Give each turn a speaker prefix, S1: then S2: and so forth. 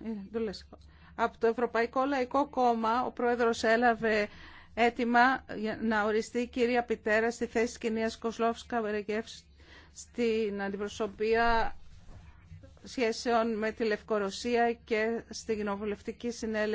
S1: Λοιπόν, ε, Από το Ευρωπαϊκό Λαϊκό Κόμμα ο πρόεδρος έλαβε έτοιμα να οριστεί η κυρία Πιτέρα στη θέση της κοινίας Κοσλόφσκα στην αντιπροσωπεία σχέσεων με τη Λευκορωσία και στην κοινοβουλευτική συνέλευση.